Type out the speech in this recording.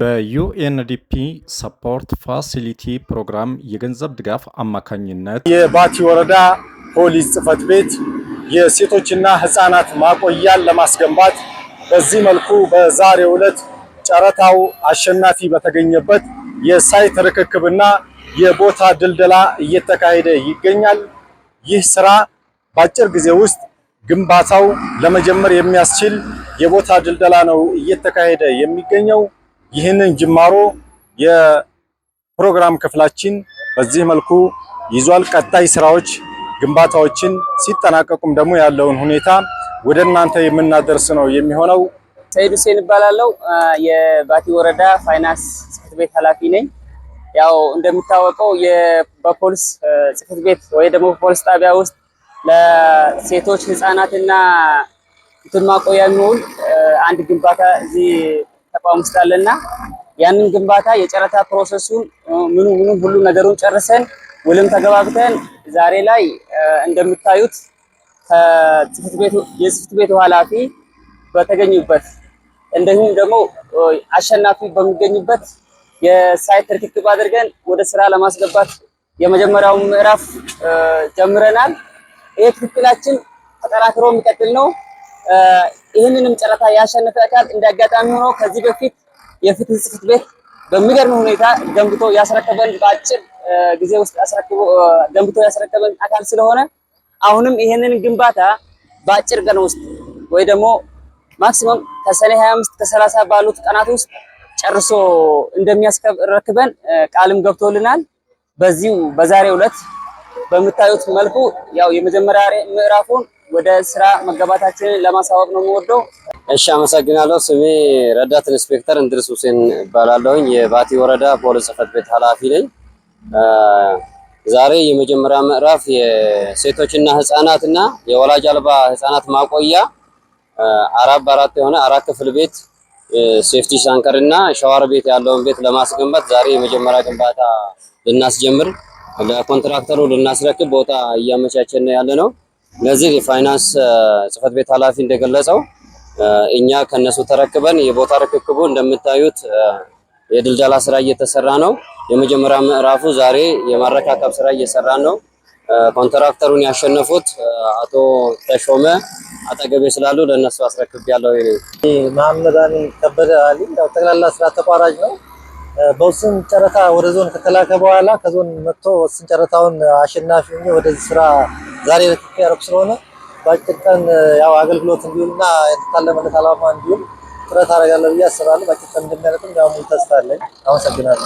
በዩኤንዲፒ ሰፖርት ፋሲሊቲ ፕሮግራም የገንዘብ ድጋፍ አማካኝነት የባቲ ወረዳ ፖሊስ ጽፈት ቤት የሴቶችና ህፃናት ማቆያን ለማስገንባት በዚህ መልኩ በዛሬው ዕለት ጨረታው አሸናፊ በተገኘበት የሳይት ርክክብና የቦታ ድልደላ እየተካሄደ ይገኛል። ይህ ስራ በአጭር ጊዜ ውስጥ ግንባታው ለመጀመር የሚያስችል የቦታ ድልደላ ነው እየተካሄደ የሚገኘው። ይህንን ጅማሮ የፕሮግራም ክፍላችን በዚህ መልኩ ይዟል። ቀጣይ ስራዎች ግንባታዎችን ሲጠናቀቁም ደግሞ ያለውን ሁኔታ ወደ እናንተ የምናደርስ ነው የሚሆነው። ሰይድ ሁሴን እባላለሁ። የባቲ ወረዳ ፋይናንስ ጽህፈት ቤት ኃላፊ ነኝ። ያው እንደሚታወቀው በፖሊስ ጽህፈት ቤት ወይ ደግሞ ፖሊስ ጣቢያ ውስጥ ለሴቶች ህፃናትና እንትን ማቆያ የሚውል አንድ ግንባታ እዚህ ተቋም ውስጥ አለና ያንን ግንባታ የጨረታ ፕሮሰሱን ምኑ ምኑ ሁሉ ነገሩን ጨርሰን ውልም ተገባብተን ዛሬ ላይ እንደምታዩት የጽህፈት ቤቱ ኃላፊ በተገኙበት እንዲሁም ደግሞ አሸናፊ በሚገኙበት የሳይት ርክክብ አድርገን ወደ ስራ ለማስገባት የመጀመሪያውን ምዕራፍ ጀምረናል። ይህ ትክክላችን ተጠናክሮ የሚቀጥል ነው። ይህንንም ጨረታ ያሸነፈ አካል እንዳጋጣሚ ሆኖ ከዚህ በፊት የፍትህ ጽሕፈት ቤት በሚገርም ሁኔታ ገንብቶ ያስረከበን በአጭር ጊዜ ውስጥ ያስረክቦ ገንብቶ ያስረከበን አካል ስለሆነ አሁንም ይህንን ግንባታ በአጭር ቀን ውስጥ ወይ ደግሞ ማክሲመም ከሰኔ 25 ከ30 ባሉት ቀናት ውስጥ ጨርሶ እንደሚያስረክበን ቃልም ገብቶልናል። በዚሁ በዛሬው ዕለት በምታዩት መልኩ ያው የመጀመሪያ ምዕራፉን ወደ ስራ መገባታችንን ለማሳወቅ ነው የምወደው። እሺ፣ አመሰግናለሁ። ስሜ ረዳት ኢንስፔክተር እንድርስ ሁሴን እባላለሁኝ። የባቲ ወረዳ ፖሊስ ጽሕፈት ቤት ኃላፊ ነኝ። ዛሬ የመጀመሪያ ምዕራፍ የሴቶችና ህጻናት እና የወላጅ አልባ ህጻናት ማቆያ አራት በአራት የሆነ አራት ክፍል ቤት ሴፍቲ ሳንከር እና ቤት ያለውን ቤት ለማስገንባት ዛሬ የመጀመሪያ ግንባታ ልናስጀምር ለኮንትራክተሩ ልናስረክብ ቦታ እያመቻቸን ያለ ነው። ለዚህ የፋይናንስ ጽህፈት ቤት ኃላፊ እንደገለጸው እኛ ከነሱ ተረክበን የቦታ ርክክቡ እንደምታዩት የድልደላ ስራ እየተሰራ ነው። የመጀመሪያ ምዕራፉ ዛሬ የማረካከብ ስራ እየሰራ ነው። ኮንትራክተሩን ያሸነፉት አቶ ተሾመ አጠገቤ ስላሉ ለእነሱ አስረክብ ያለው መሐመድ አሊ ከበደ አሊ ጠቅላላ ስራ ተቋራጭ ነው። በውስን ጨረታ ወደ ዞን ከተላከ በኋላ ከዞን መጥቶ ውስን ጨረታውን አሸናፊ ወደዚህ ስራ ዛሬ ርክክ ያደረኩ ስለሆነ በአጭር ቀን ያው አገልግሎት እንዲውልና የተታለመለት አላማ እንዲውል ጥረት አደርጋለሁ ብዬ አስባለሁ። በአጭር ቀን ያው ሙሉ ተስፋ አለኝ። አመሰግናለሁ።